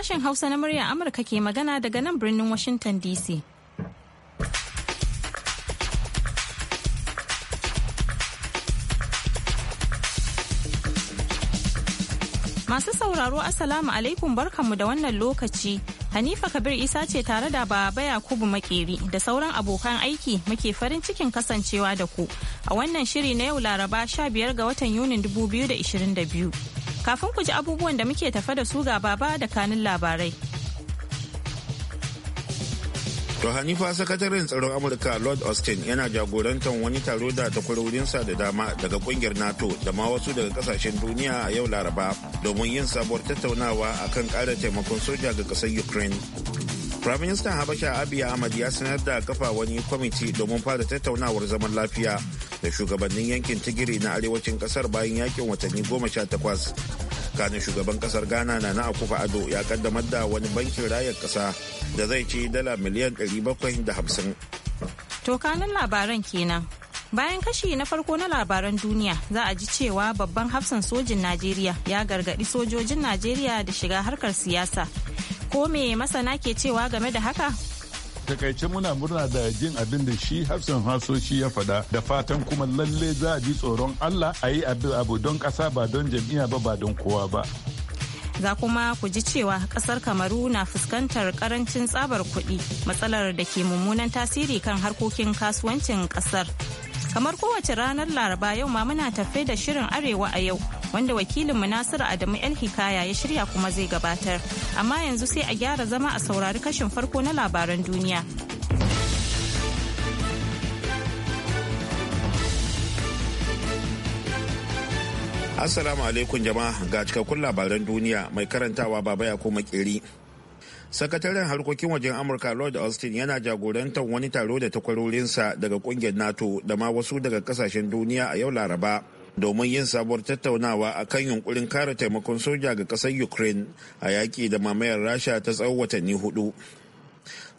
Sashen Hausa na muryar Amurka ke magana daga nan birnin Washington DC. Masu sauraro asalamu alaikum barkanmu da wannan lokaci. Hanifa Kabir Isa ce tare da Baba Yakubu Makeri da sauran abokan aiki muke farin cikin kasancewa da ku a wannan shiri na yau Laraba 15 ga watan Yunin 2022. Kafin ku ji abubuwan da muke tafa da su ga baba da kanin labarai. To Hanifa sakataren tsaron Amurka Lord Austin yana jagorantar wani taro da takwarorinsa da dama daga kungiyar NATO da ma wasu daga kasashen duniya a yau Laraba domin yin sabuwar tattaunawa akan kara taimakon soja ga kasar Ukraine. Firaministan Habasha Abiy Ahmad ya sanar da kafa wani kwamiti domin fara tattaunawar zaman lafiya da shugabannin yankin tigiri na arewacin kasar bayan yakin watanni goma sha takwas kane shugaban kasar ghana na na akufa ado ya kaddamar da wani bankin rayar kasa da zai ci dala miliyan 750 to kanin labaran kenan bayan kashi na farko na labaran duniya za a ji cewa babban hafsan sojin najeriya ya gargadi sojojin najeriya da shiga harkar siyasa ko me masana ke cewa game da haka takaice muna murna da jin abin da shi hafsan hasoshi ya faɗa da fatan kuma lalle za a ji tsoron allah a yi abu don ƙasa ba don jami'a ba ba don kowa ba za kuma ku ji cewa kasar kamaru na fuskantar karancin tsabar kuɗi matsalar da ke mummunan tasiri kan harkokin kasuwancin kasar Kamar kowace ranar Laraba yau ma muna tafe da shirin Arewa a yau wanda wakilinmu Nasiru Adamu El Hikaya ya shirya kuma zai gabatar. Amma yanzu sai a gyara zama a saurari kashin farko na labaran duniya. Assalamu alaikum jama'a ga cikakkun labaran duniya mai karantawa baba ya koma kiri. sakataren harkokin wajen amurka lord austin yana jagorantar wani taro da takwarorinsa daga kungiyar nato da ma wasu daga kasashen duniya a yau laraba domin yin sabuwar tattaunawa a kan yunkurin kare taimakon soja ga kasar ukraine a yaƙi da mamayar rasha ta tsawon watanni hudu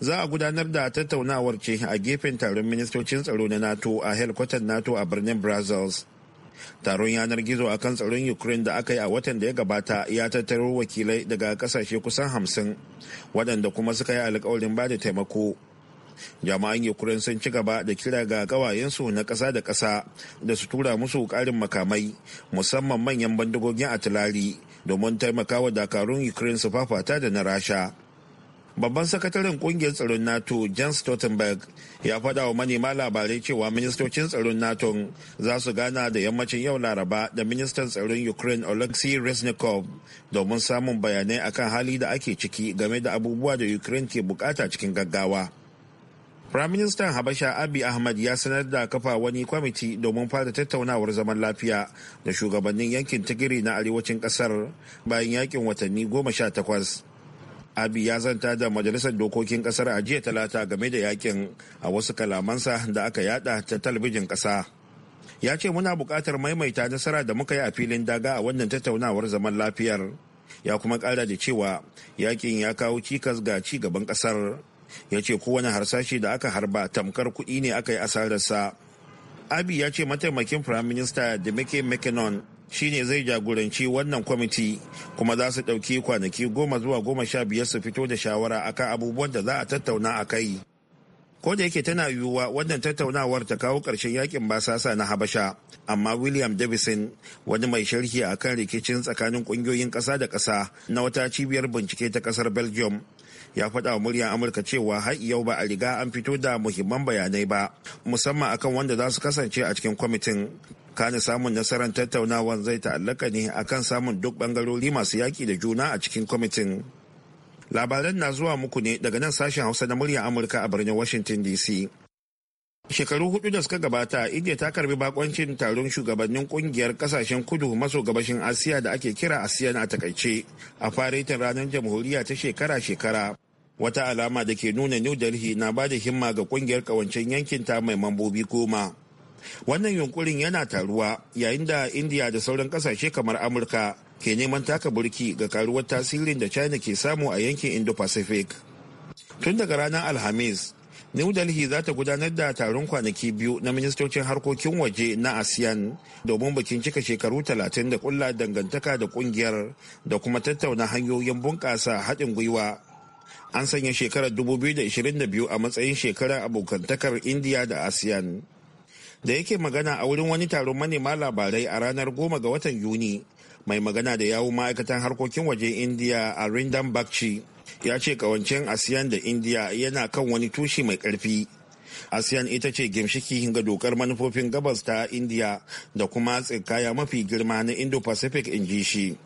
za a gudanar da tattaunawar ce a gefen taron ministocin tsaro na nato a helkwatar nato a birnin brazils taron yanar gizo a kan tsaron ukraine da aka yi a watan da ya gabata ya tattaro wakilai daga kasashe kusan hamsin waɗanda kuma suka yi alkawarin ba da taimako jama'an ukraine sun ci gaba da kira ga su na ƙasa da ƙasa da su tura musu ƙarin makamai musamman manyan a atilari domin taimaka wa dakarun ukraine su fafata da na rasha babban sakataren kungiyar tsaron nato jens stoltenberg ya faɗa wa manema labarai cewa ministocin tsaron nato za su gana da yammacin yau laraba da ministan tsaron ukraine oleksiy reznikov domin samun bayanai akan hali da ake ciki game da abubuwa da ukraine ke bukata cikin gaggawa Firaministan Habasha Abi Ahmad ya sanar da kafa wani kwamiti domin fara tattaunawar zaman lafiya da shugabannin yankin tigiri na arewacin kasar bayan yakin watanni goma sha takwas. abi ya zanta da majalisar dokokin kasar a jiya talata game da yakin a wasu kalamansa da aka yada ta talabijin kasa ya ce muna bukatar maimaita nasara da muka yi a filin daga a wannan tattaunawar zaman lafiyar ya kuma ƙara da cewa yakin ya kawo cikas ga ci gaban ƙasar ya ce kowane harsashi da aka harba tamkar kuɗi ne aka yi asararsa abi ya ce mataimakin firaminista da mike Mekinon. shine zai jagoranci wannan kwamiti kuma za su ɗauki kwanaki goma zuwa goma sha biyar su fito da shawara akan abubuwan da za a tattauna a kai ko da yake tana yiwuwa wannan tattaunawar ta kawo ƙarshen yakin basasa na habasha amma william davison wani mai sharhi a kan rikicin tsakanin ƙungiyoyin ƙasa da ƙasa na wata cibiyar bincike ta ƙasar belgium ya faɗa wa muryar amurka cewa har yau ba a riga an fito da muhimman bayanai ba musamman akan wanda za su kasance a cikin kwamitin kane samun nasarar tattaunawar zai ta'allaka ne akan samun duk bangarori masu yaki da juna a cikin kwamitin labaran na zuwa muku ne daga nan sashen hausa na murya amurka a birnin washington dc shekaru hudu da suka gabata india ta karbi bakoncin taron shugabannin kungiyar kasashen kudu maso gabashin asiya da ake kira asiya na takaice a faretin ranar jamhuriya ta shekara-shekara wata alama da ke nuna new delhi na ba da himma ga kungiyar kawancen yankin ta mai mambobi goma wannan yunkurin yana taruwa yayin da indiya da sauran kasashe kamar amurka ke neman taka burki ga karuwar tasirin da china ke samu a yankin indo-pacific tun daga ranar alhamis new delhi za ta gudanar da taron kwanaki biyu na ministocin harkokin waje na asean domin bikin cika shekaru 30 da kulla dangantaka da kungiyar da kuma tattauna hanyoyin bunƙasa haɗin gwiwa an sanya shekarar 2022 a matsayin shekarar abokantakar indiya da asean da yake magana a wurin wani taron manema labarai a ranar goma ga watan yuni mai magana da yawun ma'aikatan harkokin waje indiya a rindan bakci ya ce kawancin asiyan da indiya yana kan wani tushe mai karfi asiyan ita ce gimshiki ga dokar manufofin gabas ta indiya da kuma tsinkaya mafi girma na indo-pacific in ji shi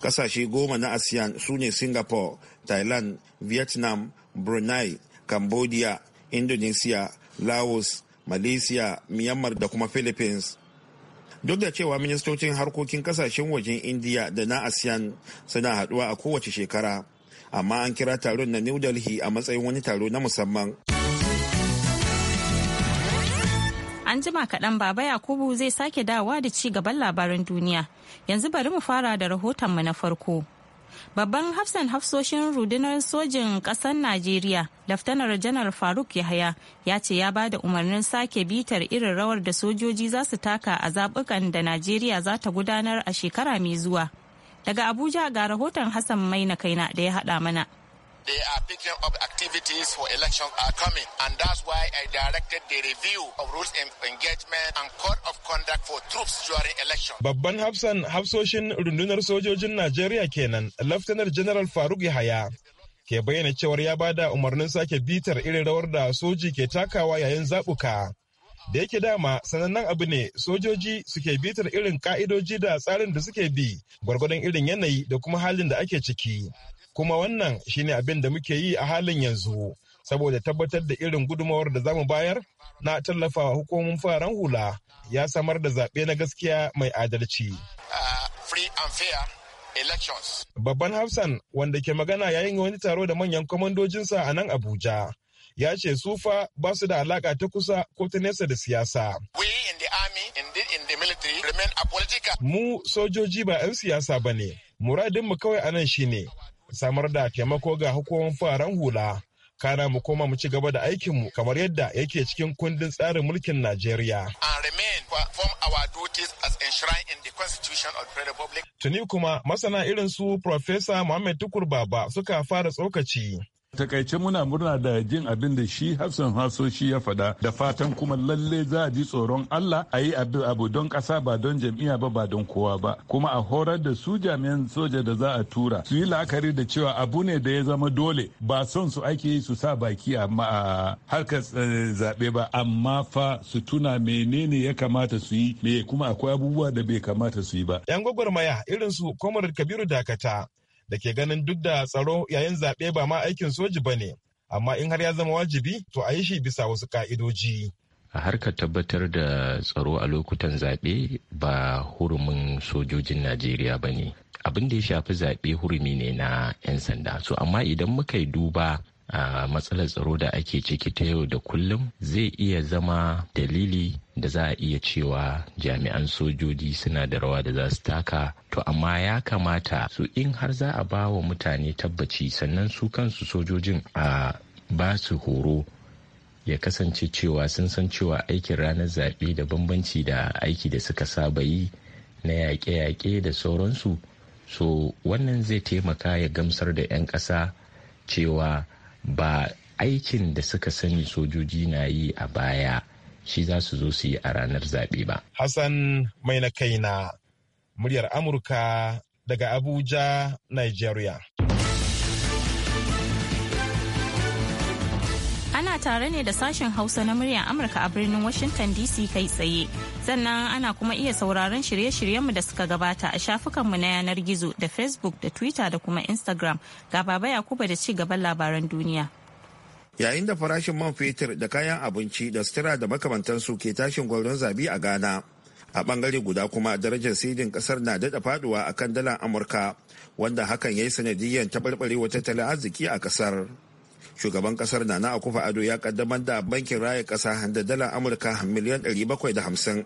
kasashe goma na asiyan su ne singapore thailand vietnam brunei cambodia indonesia laos malaysia myanmar da kuma philippines duk da cewa ministocin harkokin kasashen wajen indiya da na asean suna haduwa a kowace shekara amma an kira taron na new delhi a matsayin wani taro na musamman an jima kaɗan baba yakubu zai sake dawa da ci gaban labaran duniya yanzu bari mu fara da rahotonmu na farko babban hafsan hafsoshin rundunar sojin ƙasar najeriya laftanar janar faruk yahaya ya ce ya bada umarnin sake bitar irin rawar da sojoji za su taka a zaɓukan da najeriya za ta gudanar a shekara mai zuwa daga abuja ga rahoton hassan maina kaina da ya haɗa mana They are picking up activities for elections are coming. And that's why I directed the review of rules of engagement and code of conduct for troops during election. Babban hafsan hafsoshin rundunar sojojin Najeriya kenan, Laftanar General Faruk Yahaya. ke bayyana cewar ya ba da umarnin sake bitar irin rawar da soji ke takawa yayin zaɓuka. da yake dama sanannen abu ne sojoji suke bitar irin ka'idoji da tsarin da suke bi gwargwadon irin yanayi da kuma halin da ake ciki kuma wannan shine abin da muke yi a halin yanzu saboda tabbatar da irin gudumawar da zamu bayar na tallafawa hukumomin fararen hula ya samar da zaɓe na gaskiya mai adalci. Babban Hafsan wanda ke magana yayin wani taro da manyan kwamandojinsa a nan Abuja ya ce sufa ba su da alaka ta kusa ko ta nesa da siyasa. Mu sojoji ba 'yan siyasa ba ne, muradinmu kawai a nan ne. samar da taimako ga hukumomin fararen hula kana mu koma mu ci gaba da aikinmu kamar yadda yake cikin kundin tsarin mulkin Najeriya. Tuni kuma masana irin su Profesa Muhammad Tukur Baba suka fara tsokaci takaice muna murna da jin abin da shi hafsan hasoshi ya fada. da fatan kuma lalle za a ji tsoron allah a yi abu don kasa ba don jam'iyya ba ba don kowa ba kuma a horar da su jami'an soja da za a tura su yi la'akari da cewa abu ne da ya zama dole ba son su ake yi su sa baki a harkar eh, zaɓe ba amma fa su tuna menene ya kamata su yi me kuma akwai abubuwa da bai kamata su yi ba. 'Yan gwagwarmaya irin su Komar Kabiru Dakata da ke ganin duk da tsaro yayin zaɓe ba ma aikin soji ba ne amma in har ya zama wajibi to a yi shi bisa wasu ka'idoji. a harkar tabbatar da tsaro a lokutan zaɓe ba hurumin sojojin najeriya ba ne abin da ya shafi zaɓe hurumi ne na 'yan sanda so amma idan muka yi duba a matsalar tsaro da ake ciki ta yau da kullum zai iya zama dalili da za a iya cewa jami'an sojoji suna da rawa da za su taka to amma ya kamata su in har za a ba wa mutane tabbaci sannan su kansu sojojin a ba su horo ya kasance cewa sun san cewa aikin ranar zaɓe da bambanci da aiki da suka saba yi na yaƙe-yaƙe da sauransu so wannan zai taimaka ya gamsar da 'yan ƙasa cewa ba aikin da suka sani sojoji na yi a baya shi za su zo su yi a ranar zaɓe ba. Hassan mai na kaina muryar Amurka daga Abuja, Nigeria. Ana tare ne da sashen Hausa na muryar Amurka a birnin Washington DC kai tsaye. Sannan ana kuma iya sauraron shirye-shiryenmu da suka gabata a shafukanmu na yanar gizo da Facebook da Twitter da kuma Instagram. Ga Baba Yakuba da ci gaban labaran duniya. Yayin da farashin man fetur da kayan abinci da sutura da makamantansu ke tashin gwauron zabi a Ghana. A bangare guda kuma darajar sidin kasar na daɗa faduwa akan dalar Amurka, wanda hakan ya yi sanadiyyar taɓarɓarewa tattalin arziki a kasar. shugaban kasar nana akufa ado ya kaddamar da bankin raya kasa da dalar amurka miliyan 750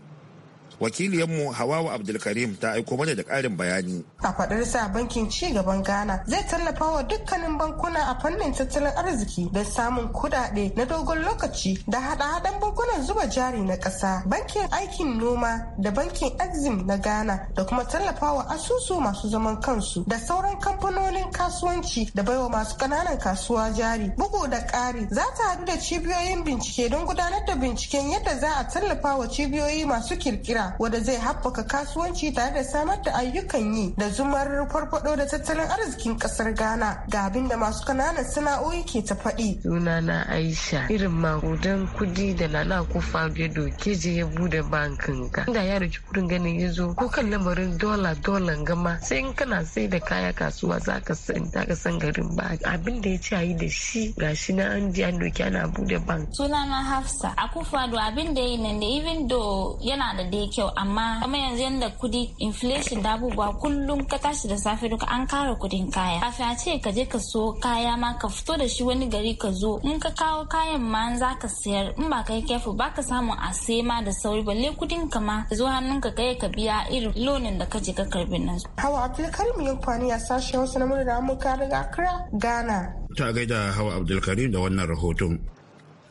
wakiliyanmu hawawa abdulkarim ta aiko mana da karin bayani a faɗar sa bankin ci gaban ghana zai tallafa wa dukkanin bankuna a fannin tattalin arziki don samun kuɗaɗe na dogon lokaci da haɗa-haɗan bankunan zuba jari na ƙasa bankin aikin noma da bankin exim na ghana da kuma tallafa wa asusu masu zaman kansu da sauran kamfanonin kasuwanci da baiwa masu ƙananan kasuwa jari bugu da ƙari za ta haɗu da cibiyoyin bincike don gudanar da binciken yadda za a tallafa wa cibiyoyi masu kirkira wanda zai haɓaka kasuwanci tare da samar da ayyukan yi da zumar farfado da tattalin arzikin ƙasar Ghana ga abin da masu kananan sana'o'i ke ta faɗi. na Aisha irin makudan kudi da Nana Akufo Addo ke je ya bude bankin ka. Inda ya rage kudin ganin ya zo ko kan lamarin dola dolan gama sai in kana sai da kaya kasuwa za ka san ka san garin ba abin da ya ce a da shi gashi na an ji an doki ana bude bank. na Hafsa a Addo abin da ya yi nan da even though yana da dai kyau amma kuma yanzu yanda kudi inflation da abubuwa kullum ka tashi da safe duka an kara kudin kaya kafin a ce ka je ka so kaya ma ka fito da shi wani gari ka zo in ka kawo kayan ma za ka sayar in ba ka yi kefu ba ka samu a sai ma da sauri balle kudin ka ma zo hannun ka kai ka biya irin lonin da ka je ka karbi na su. Hawa Abdulkarim Yankwani a sashen wasu na Murna Amurka daga Accra, Ghana. Ta gaida Hawa Abdulkarim da wannan rahoton.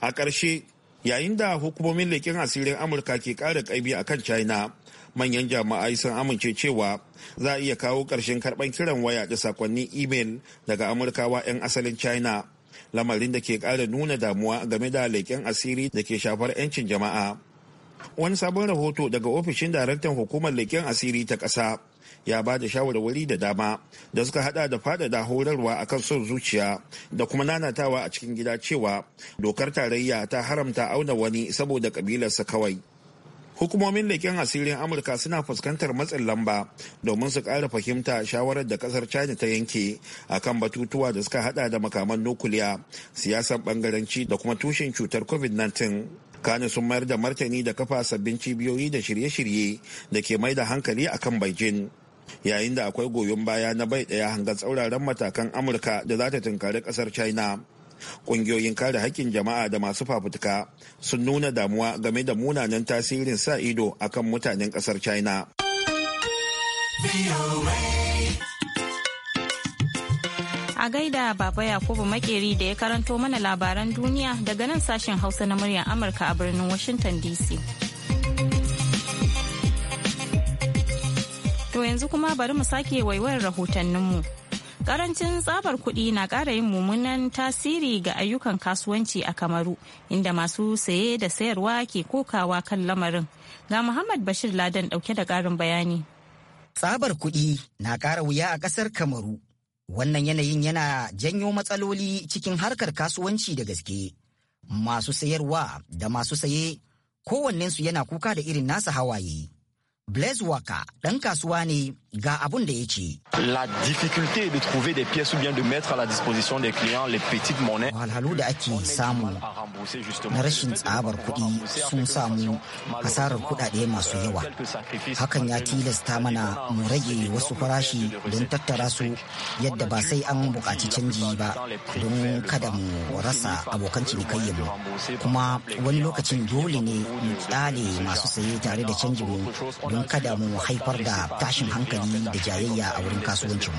A ƙarshe yayin da hukumomin leƙen asirin amurka ke ƙara ƙaibi a kan china manyan jama'ai sun amince cewa za a iya kawo ƙarshen karɓar kiran waya da sakonnin imel daga amurkawa 'yan asalin china lamarin da ke ƙara nuna damuwa game da leƙen asiri da ke shafar 'yancin jama'a wani sabon rahoto daga ofishin daraktan hukumar leƙen asiri ta ƙasa ya ba da shawarwari da dama da suka hada da fadada horarwa a kan son zuciya da kuma nanatawa a cikin gida cewa dokar tarayya ta haramta auna wani saboda kabilarsa kawai hukumomin leƙen asirin amurka suna fuskantar matsin lamba domin su ƙara fahimta shawarar da ƙasar china ta yanke a kan batutuwa da suka hada da makaman nukuliya siyasar bangaranci da kuma tushen cutar covid-19 kane sun mayar da martani da kafa sabbin cibiyoyi da shirye-shirye da ke mai da hankali a kan beijing yayin da akwai goyon baya na bai daya hanga tsauraran matakan amurka da za ta tunkari kasar china ƙungiyoyin kare haƙƙin jama'a da masu fafutuka sun nuna damuwa game da munanan tasirin sa ido akan mutanen kasar china a gaida Baba Yakubu Makeri da ya karanto mana labaran duniya daga nan sashen Hausa na muryar Amurka a birnin Washington DC. To yanzu kuma bari mu sake waiwayar rahotanninmu. Karancin tsabar kuɗi na ƙara yin mummunan tasiri ga ayyukan kasuwanci a Kamaru, inda masu saye da sayarwa ke kokawa kan lamarin. Ga Muhammad Bashir Ladan ɗauke da ƙarin bayani. Tsabar kuɗi na ƙara wuya a ƙasar Kamaru Wannan yanayin yana janyo matsaloli cikin harkar kasuwanci da gaske. Masu sayarwa da masu saye kowannensu yana kuka da irin nasa hawaye. Blaise Waka ɗan kasuwa ne ga abun da ya ce. La difficulté de trouver des pièces ou bien de mettre à la disposition des clients les petites monnaies. Wahalhalu da ake samu na rashin tsabar kuɗi sun samu hasarar kuɗaɗe masu euh, yawa. Hakan ya tilasta mana mu rage wasu farashi don tattara su yadda ba sai an buƙaci canji ba don kada mu rasa abokan cinikayyarmu. Kuma wani lokacin dole ne mu kyale masu saye tare da canjinmu don kada mu haifar da tashin hankali tunani da jayayya a wurin kasuwancin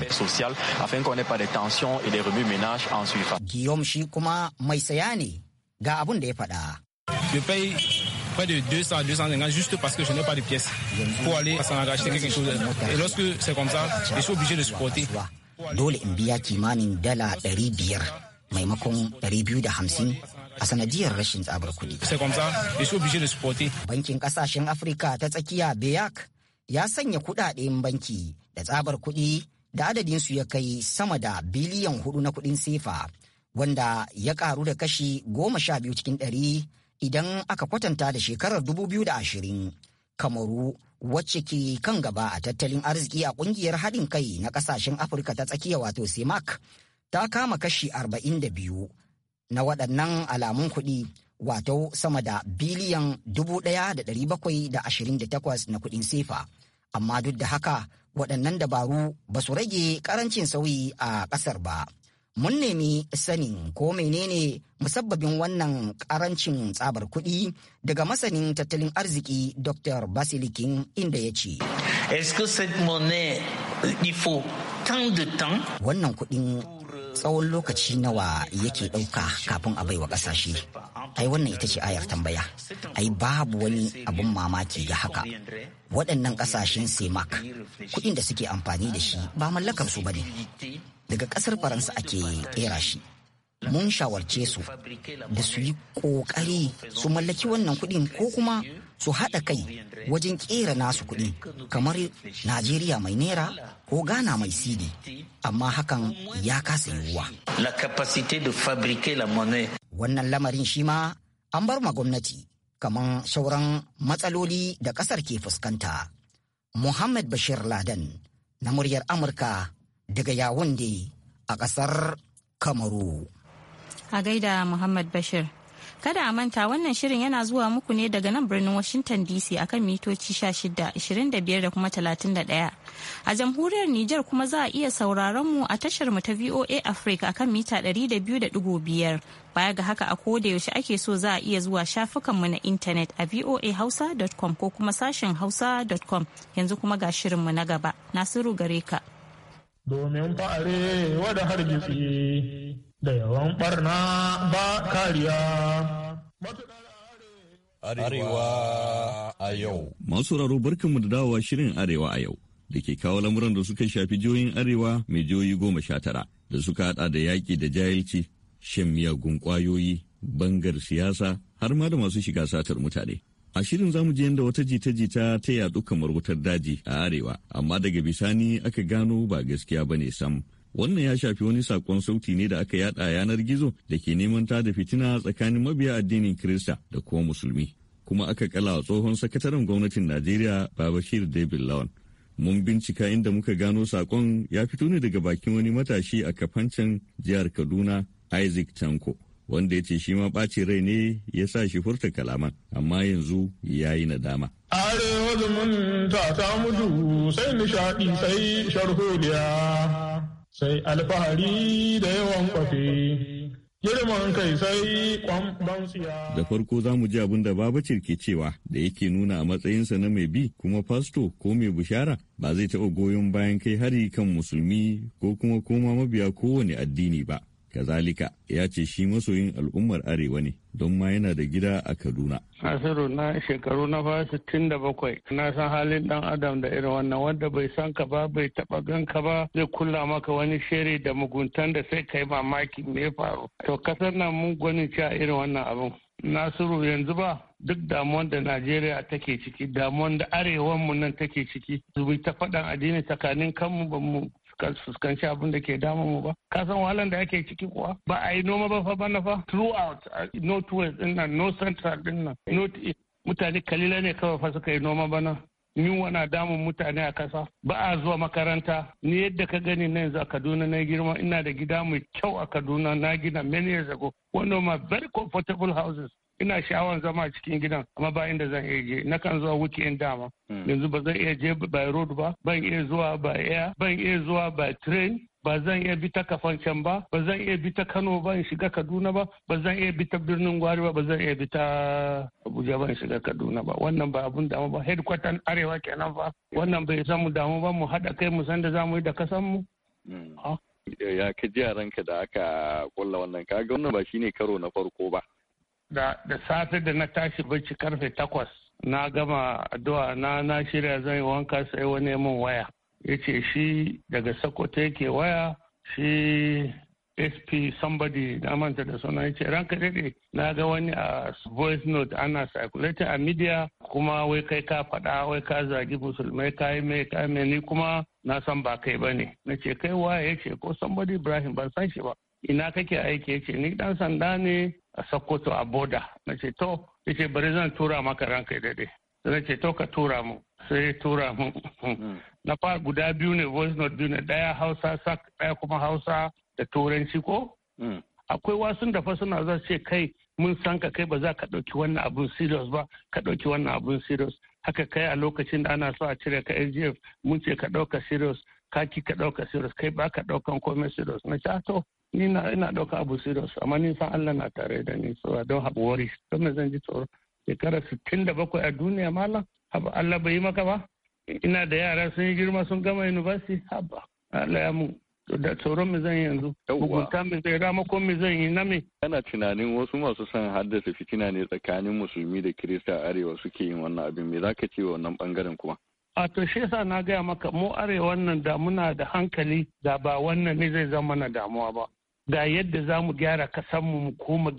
Guillaume shi kuma mai saya ne ga abun da ya faɗa. près de 200 250 juste parce que je n'ai pas de pièces pour aller à Sanaga acheter quelque chose. Et lorsque c'est comme ça, je suis obligé de supporter. Dole in Kimani kimanin dala 500 maimakon 250 a sanadiyar rashin tsabar kuɗi. Sai kwamsa, da su obligé de supporter. Bankin kasashen Afirka ta tsakiya Beyak ya sanya kudaden banki da tsabar kuɗi da adadinsu ya kai sama da biliyan hudu na kuɗin sefa wanda ya karu da kashi goma sha biyu cikin ɗari idan aka kwatanta da shekarar dubu biyu da ashirin kamaru wacce ke kan gaba a tattalin arziki a kungiyar haɗin kai na ƙasashen afirka ta tsakiya wato semak ta kama kashi arba'in da biyu na waɗannan alamun kuɗi wato sama da biliyan 1,728 na kuɗin sefa. Amma duk da haka waɗannan dabaru ba su rage ƙarancin sauyi a ƙasar ba. Mun nemi sanin ko menene musabbabin wannan ƙarancin tsabar kuɗi daga masanin tattalin arziki Dr. Basilikin inda ya ce. Wannan kuɗin tsawon lokaci nawa yake ɗauka kafin a baiwa ƙasashe ai wannan ita ce ayar tambaya ai babu wani abin mamaki ga haka waɗannan ƙasashen semak kuɗin da suke amfani da shi ba mallakar su ba ne daga ƙasar faransa ake kera shi mun shawarce su da su yi ƙoƙari su mallaki wannan kuɗin ko kuma su haɗa kai wajen ƙera nasu kuɗi kamar Najeriya mai naira ko Ghana mai sidi amma hakan ya kasa yiwuwa. Wannan lamarin shi ma an bar ma gwamnati kamar sauran matsaloli da ƙasar ke fuskanta. Muhammad Bashir Laden na muryar Amurka daga yawon a ƙasar Kamaru. a gaida Muhammad Bashir. Kada a manta wannan shirin yana zuwa muku ne daga nan birnin Washington DC a kan mitoci 16, 25 da kuma 31. A jamhuriyar Nijar kuma za a iya sauraron mu a tashar mu ta VOA Africa akan mita 200.5. Baya ga haka a koda yaushe ake so za a iya zuwa shafukan mu na intanet a voahausa.com ko kuma sashen hausa.com. Yanzu kuma ga shirin mu na gaba. Nasiru gare ka. Domin fa'are wada hargitsi da yawan barna ba kariya. Arewa a yau. Masu raro barkanmu da dawowa shirin Arewa a yau da ke kawo lamuran da suka shafi jihohin Arewa mai jihohi goma sha tara da suka hada da yaƙi da jahilci, shan miyagun ƙwayoyi, bangar siyasa har ma da masu shiga satar mutane. A shirin zamu je yadda wata jita-jita ta yaɗu kamar wutar daji a Arewa, amma daga bisani aka gano ba gaskiya ba ne sam. wannan ya shafi wani sakon sauti ne da aka yada yanar gizo da ke neman ta da fitina tsakanin mabiya addinin kirista da kuma musulmi kuma aka kala tsohon sakataren gwamnatin najeriya babashir david lawan mun bincika inda muka gano sakon ya fito ne daga bakin wani matashi a kafancin jihar kaduna isaac tanko wanda ya ce shi ma ɓacin rai ne ya sa shi furta kalaman amma yanzu ya yi nadama. arewa zumunta ta mudu sai nishaɗi sai sai alfahari da yawan kwafe. Girman kai sai kwan Da farko za mu ji abin da Babacir ke cewa da yake nuna a matsayinsa na mai bi kuma fasto ko mai bishara ba zai taɓa goyon bayan kai hari kan musulmi ko kuma koma mabiya kowane addini ba. Kazalika ya ce shi masoyin al'ummar Arewa ne don ma yana da gida a Kaduna. Nasiru na shekaru na fa sittin da bakwai na san halin dan adam da irin wannan wanda bai san ka ba bai taba gan ka ba zai kulla maka wani shiri da muguntan da sai kai mamaki me ya faru. To kasar nan mun gwanin cewa irin wannan abin. Nasiru yanzu ba duk damuwan da Najeriya take ciki damuwan da arewan mu nan take ciki zubi ta faɗan addini tsakanin kanmu ba mu fuskanci abin da ke damun mu ba ka san wahalan da ake ciki kuwa ba a yi noma ba fa bana fa throughout north west din nan north central din nan north east mutane kalila ne kawai fa suka yi noma bana yunwa na damun mutane a kasa ba a zuwa makaranta ni yadda ka gani na yanzu a kaduna na girma ina da gida mai kyau a kaduna na gina many years ago one of my very comfortable houses ina sha'awar zama cikin gidan amma ba inda zan iya je na kan zuwa weekend dama hmm. yanzu ba zan iya je by road ba ban iya zuwa by air ban iya zuwa by train ba zan iya bi ta can ba ba zan iya bi ta kano ba in shiga kaduna ba ba zan iya bi ta birnin gwari ba ba zan iya bi ta abuja ba in shiga kaduna ba wannan ba abun damu ba headquarter arewa kenan ba. wannan bai san mu damu ba mu haɗa kai mu san da za mu yi da kasan mu hmm. ya ka ji ranka da aka kulla wannan kaga wannan ba shine karo na farko ba da da safe da na tashi bacci karfe takwas na gama addu'a na na shirya zan yi wanka sai wani mun waya yace shi daga sokoto yake waya shi sp somebody na manta da suna yace ranka daɗe na ga wani a voice note ana circulate a media kuma wai kai ka faɗa wai ka zagi musulmai ka mai ka mai ni kuma na san ba kai ba ne kai waya yace ko somebody ibrahim ban san shi ba ina kake aiki yace ni dan sanda ne a sokoto a boda na ce to ya ce bari zan tura maka ranka daɗe sai na ce to ka tura mu sai tura mu mm. na fara guda biyu ne voice note biyu ne ɗaya hausa sak ɗaya kuma hausa da turanci ko mm. akwai wasun da fa suna za ce kai mun san ka kai ba za ka ɗauki wannan abun serious ba ka ɗauki wannan abun serious haka kai a lokacin da ana so a cire ka NGF mun ce ka ɗauka serious ka ki ka ɗauka serious kai ba ka ɗaukan komai serious na ce ah, to ni na ina ɗauka abu serious amma ni san Allah na tare da ni so I don't have worries don me zan ji tsoro shekara sittin da bakwai a duniya malam haba Allah bai yi maka ba ina da yara sun yi girma sun gama university haba Allah ya mu da tsoron me zan yanzu hukunta me zai ramako me zan yi na me kana tunanin wasu masu son haddasa fitina ne tsakanin musulmi da kirista a arewa suke yin wannan abin me zaka ce wa wannan bangaren kuma a to shi yasa na gaya maka mu arewa wannan da muna da hankali da ba wannan ne zai zama na damuwa ba ga yadda za mu gyara kasanmu mu mu koma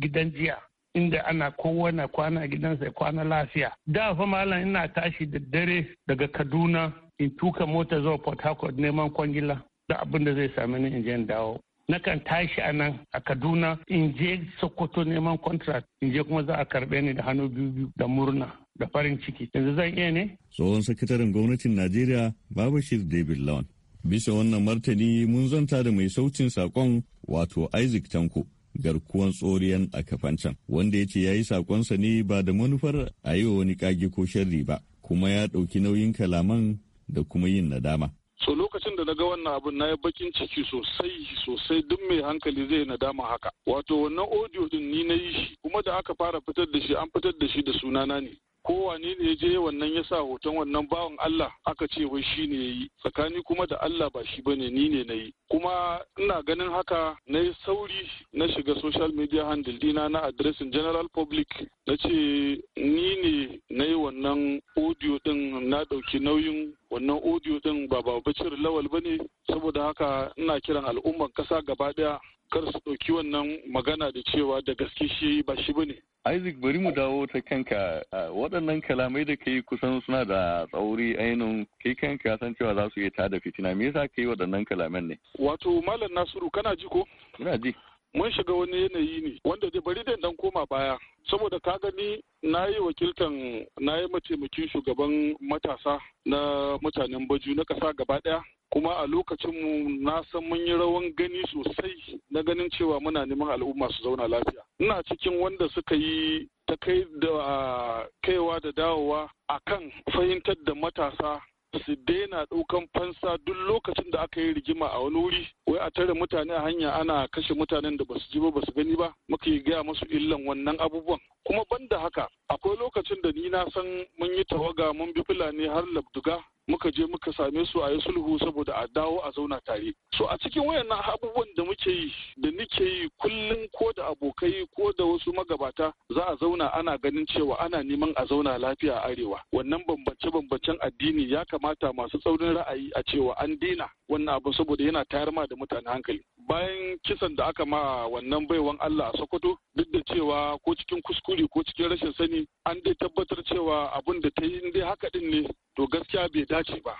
gidan jiya inda ana kowane kwana gidan sai kwana lafiya da fa malam ina tashi da dare daga kaduna in tuka mota zuwa port harcourt neman kwangila da abin da zai sami ni in je dawo nakan tashi a nan a kaduna in je sokoto neman contract in je kuma za a karbe ni da hannu biyu biyu da murna da farin ciki yanzu zan iya ne tsohon sakataren gwamnatin najeriya babashir david lawan Bisa wannan martani mun zanta da mai saucin saƙon wato Isaac Tanko. garkuwan tsoriyan a kafancan wanda ya ce ya yi sakonsa ne ba da manufar a yi wa wani kage ko sharri ba kuma ya ɗauki nauyin kalaman da kuma yin nadama. so lokacin da na ga wannan abun na yi bakin ciki sosai sosai duk mai hankali zai nadama haka wato wannan audio din ni na yi shi kuma da aka fara fitar da shi an fitar da shi da sunana ne kowane ne je wannan ya sa hoton wannan bawan Allah aka ce wai shi ne yi tsakani kuma da Allah ba shi bane ni ne na yi kuma ina ganin haka na yi sauri na shiga social media handle dina na addressing general public na ce ni ne na yi wannan audio din na ɗauki nauyin wannan audio din ba babacin lawal ba ne saboda haka ina kiran al'ummar ƙasa gaba ɗaya kar su ɗauki wannan magana da cewa da gaske shi ba shi ba ne. Isaac bari mu dawo ta kanka waɗannan kalamai da ka yi kusan suna da tsauri ainihin kai kanka san cewa za su iya tada fitina me yasa ka yi waɗannan kalaman ne wato malam nasiru kana ji ko ina ji mun shiga wani yanayi ne wanda da bari dan koma baya saboda ka gani na yi wakiltan na yi mataimakin shugaban matasa na mutanen baju na ƙasa gaba ɗaya kuma a lokacinmu na san mun yi rawan gani sosai na ganin cewa muna neman al'umma su zauna lafiya ina cikin wanda suka yi ta kai da kaiwa da dawowa akan fahimtar da matasa su daina ɗaukan fansa duk lokacin da aka yi rigima a wani wuri wai a tare mutane a hanya ana kashe mutanen da basu ji ba basu gani ba muka yi gaya musu illan wannan abubuwan kuma banda haka akwai lokacin da ni na san mun yi tawaga mun bi fulani har labduga muka je muka same su a yi sulhu saboda a dawo a zauna tare so a cikin wayannan abubuwan da muke yi da nike yi kullum ko da abokai ko da wasu magabata za a zauna ana ganin cewa ana neman a zauna lafiya a arewa wannan bambance bambancen addini ya kamata masu tsaurin ra'ayi a cewa an dina wannan abu saboda yana tayar ma da mutane hankali bayan kisan da aka ma wannan baiwan Allah a Sokoto duk da cewa ko cikin kuskure ko cikin rashin sani an dai tabbatar cewa abin da ta yi dai haka din ne to gaskiya bai dace ba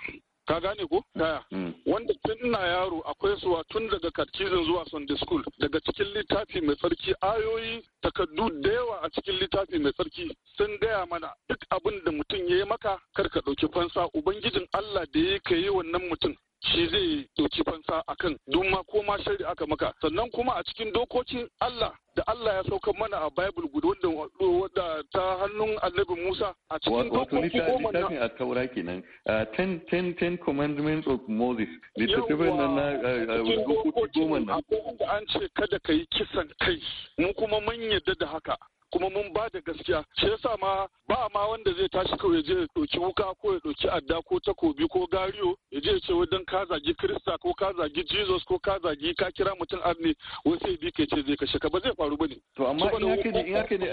ka gane ko Kaya. Mm. wanda tun ina yaro akwai suwa tun daga karcizin zuwa sunday school daga cikin littafi mai tsarki ayoyi takardu da yawa a cikin littafi mai tsarki sun gaya mana duk abin da mutum ya yi maka kar ka ɗauki fansa ubangijin allah da ya ka yi wannan mutum shi zai ɗauki fansa a kan. ma ko ma shari aka maka sannan kuma a cikin dokokin Allah da Allah ya sauka mana a Bible guda wanda ta hannun Annabi Musa a cikin dokokin goma na a taura kenan uh, ten ten ten commandments of Moses littattafan nan na uh, uh, goma na an ce kada ka yi kisan kai mu kuma mun yadda da haka kuma mun ba da gaskiya shi yasa ma ba ma wanda zai tashi kawai ya je ya ɗauki wuka ko ya ɗauki adda ko takobi ko gariyo ya je ya ce wajen ka zagi krista ko ka zagi jesus ko ka zagi ka kira mutum arne wai sai bi ka ce zai kashe ka ba zai faru ne to amma in haka ne in haka ne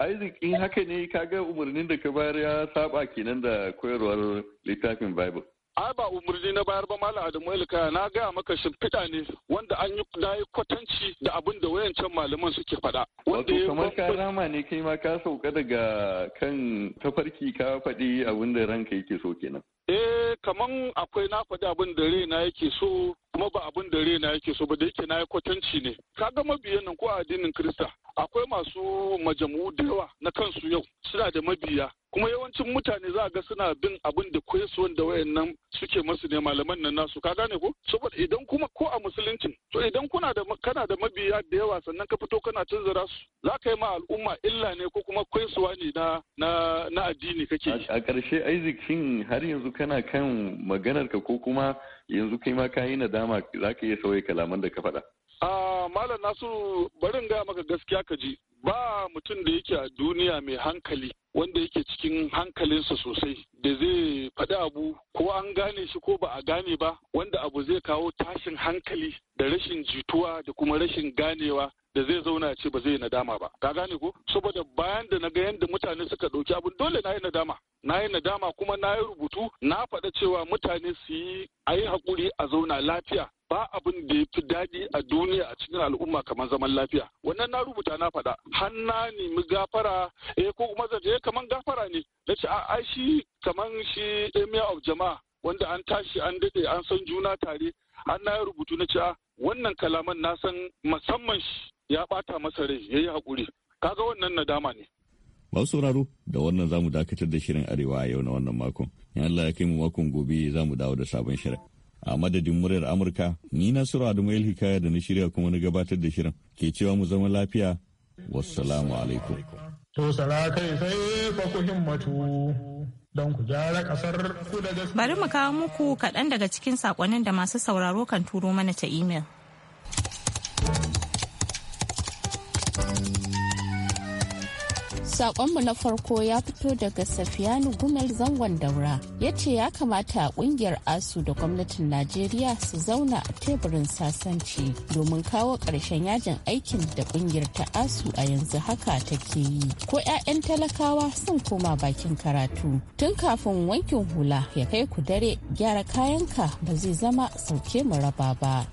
aizik in haka ne ga umarnin da ka bayar ya saba kenan da koyarwar littafin bible ai ba umarni na bayar ba malam adamu elkaya na gaya maka shimfiɗa ne wanda an yi na yi kwatanci da abin da wayancan malaman suke faɗa. wato kamar ka rama ne kai ma ka sauka daga kan tafarki ka faɗi abin da ranka yake so kenan. eh kamar akwai na faɗi abin da raina yake so kuma ba abin da raina yake so ba da yake na yi kwatanci ne kaga mabiyan nan ko a addinin kirista. akwai masu majamu da yawa na kansu yau suna da mabiya kuma yawancin mutane za a ga suna bin abin da su wanda wayannan suke masu ne malaman nan nasu ka gane ko saboda idan kuma ko a musulunci to idan kuna da kana da mabiya da yawa sannan ka fito kana tunzura su za ka yi ma al'umma illa ne ko kuma kwaisuwa ne na na na addini kake a ƙarshe Isaac shin har yanzu kana kan maganar ka ko kuma yanzu kai ma ka nadama za ka iya sauya kalaman da ka faɗa Ah, Malam Nasiru barin gaya maka gaskiya ka ji ba mutum da yake a duniya mai hankali wanda yake cikin hankalinsa sosai da zai faɗi abu ko an gane shi ko ba a gane ba wanda abu zai kawo tashin hankali da rashin jituwa da kuma rashin ganewa da zai zauna ce ba zai nadama ba ka gane ko saboda bayan da na ga yadda mutane suka ɗauki abin dole na yi nadama na yi nadama kuma na yi rubutu na faɗa cewa mutane su yi a yi hakuri a zauna lafiya ba abin da ya fi daɗi a duniya a cikin al'umma kamar zaman lafiya wannan na rubuta na faɗa Hanna ne mu gafara eh ko kuma zaje eh, kamar gafara ne na ce a shi kamar shi emir of jama'a wanda an tashi an dade an san juna tare an na rubutu na ce a wannan kalaman na san musamman shi ya bata masa rai ya yi haƙuri kaga wannan nadama ne su sauraro da wannan zamu dakatar da shirin arewa a yau na wannan makon in Allah ya kai mu makon gobe zamu dawo da sabon shirin a madadin muryar amurka ni nasiru adamu hikaya da na shirya kuma na gabatar da shirin ke cewa mu zama lafiya wassalamu alaikum to salakai sai fa ku himmatu don ku gyara kasar ku da bari mu kawo muku kaɗan daga cikin saƙonin da masu sauraro kan turo mana ta imel Sakonmu na farko ya fito daga Safiyanu Gumel zangon daura ya ce ya kamata kungiyar ASU da gwamnatin Najeriya su zauna a teburin sasanci domin kawo ƙarshen yajin aikin da kungiyar ta ASU a yanzu haka take yi. Ko 'ya'yan talakawa sun koma bakin karatu. Tun kafin wankin hula ya kai ku dare gyara kayanka ba zai zama sauke mu raba ba.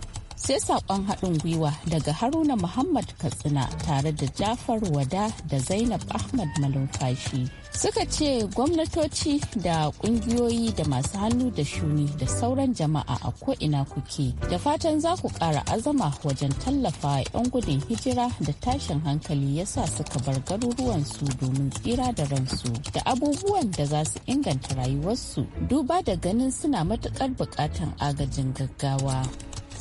sai saƙon haɗin gwiwa daga haruna muhammad katsina tare da jafar wada da zainab ahmad malumfashi suka ce gwamnatoci da ƙungiyoyi da masu hannu da shuni da sauran jama'a a ko'ina kuke da fatan za ku ƙara azama wajen tallafa 'yan gudun hijira da tashin hankali ya sa suka bar garuruwansu domin tsira da ransu da abubuwan da za su inganta rayuwarsu duba da ganin suna matuƙar buƙatan agajin gaggawa.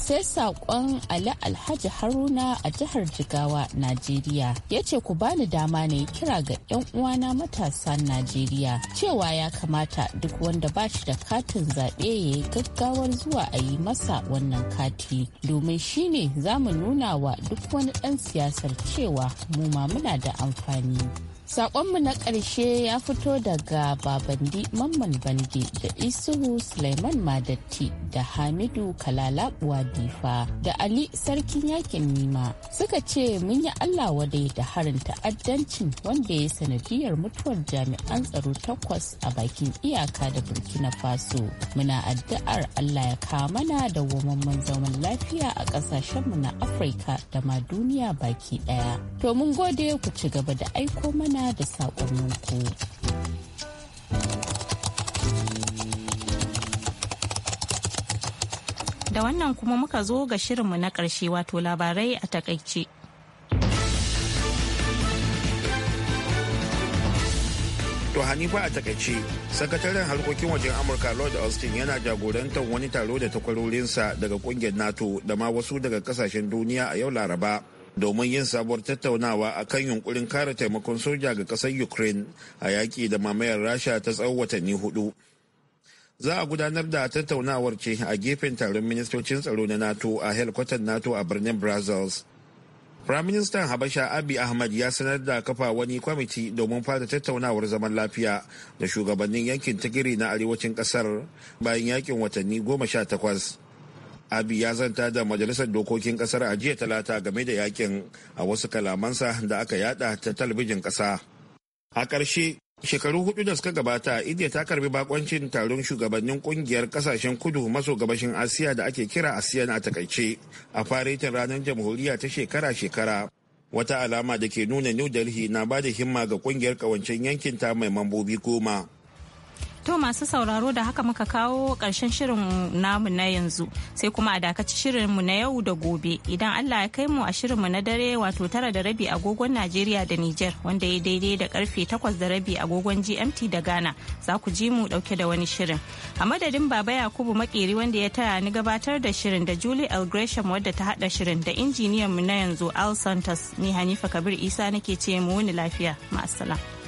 sai saƙon Ali Alhaji Haruna a jihar Jigawa, Najeriya. Ya ce ku bani dama ne kira ga 'yan uwana matasan Najeriya cewa ya kamata duk wanda ba shi da katin zaɓe ya yi gaggawar zuwa a yi masa wannan kati. Domin shi ne za mu nuna wa duk wani ɗan siyasar cewa mu ma muna da amfani. Sakonmu na ƙarshe ya fito daga Babandi Mamman Bandi da Isuhu Suleiman Madatti da Hamidu Kalala Buwadifa da Ali Sarkin Yakin Nima suka ce mun yi Allah wadai da harin ta'addancin wanda ya sanadiyar mutuwar jami'an tsaro takwas a bakin iyaka da Burkina Faso. Muna addu'ar Allah ya kamana da wamamman zaman lafiya a ƙasashenmu na Afirka da ma duniya baki ɗaya. To mun gode ku ci gaba da aiko mana mana da saƙonninku. Da wannan kuma muka zo ga shirinmu na ƙarshe wato labarai a takaice. To Hanifa a takaice, sakataren harkokin wajen Amurka Lord Austin yana jagorantar wani taro da takwarorinsa daga kungiyar NATO da ma wasu daga kasashen duniya a yau Laraba domin yin sabuwar tattaunawa a kan yunkurin kare taimakon soja ga ƙasar ukraine a yaƙi da mamayar rasha ta tsawon watanni hudu za a gudanar da tattaunawar ce a gefen taron ministocin tsaro na nato a helikwatar nato a birnin brussels Firaministan Habasha abi Ahmad ya sanar da kafa wani kwamiti domin fara tattaunawar zaman lafiya da shugabannin yankin tigiri na arewacin kasar bayan yakin watanni goma sha takwas. abi ya zanta da majalisar dokokin kasar a jiya talata game da yakin a wasu kalamansa da aka yada ta talabijin kasa a ƙarshe shekaru hudu da suka gabata india ta karbi bakoncin taron shugabannin kungiyar kasashen kudu maso gabashin asiya da ake kira asiyan a takaice a faretin ranar jamhuriya ta shekara-shekara wata alama da ke nuna new delhi na ba da himma ga kungiyar kawancen yankin ta mai mambobi goma To masu sauraro da haka muka kawo ƙarshen shirin namu na yanzu sai kuma a dakaci shirinmu na yau da gobe idan Allah ya kai mu a shirinmu na dare wato tara da rabi agogon Najeriya da Nijar wanda ya daidai da karfe takwas da rabi agogon GMT da Ghana za ku ji mu dauke da wani shirin. A madadin Baba Yakubu Makeri wanda ya taya ni gabatar da shirin da Julie L. Gresham wadda ta hada shirin da injiniyan mu na yanzu Al Santos ni Hanifa Kabir Isa nake ce mu wani lafiya. Ma'assalam.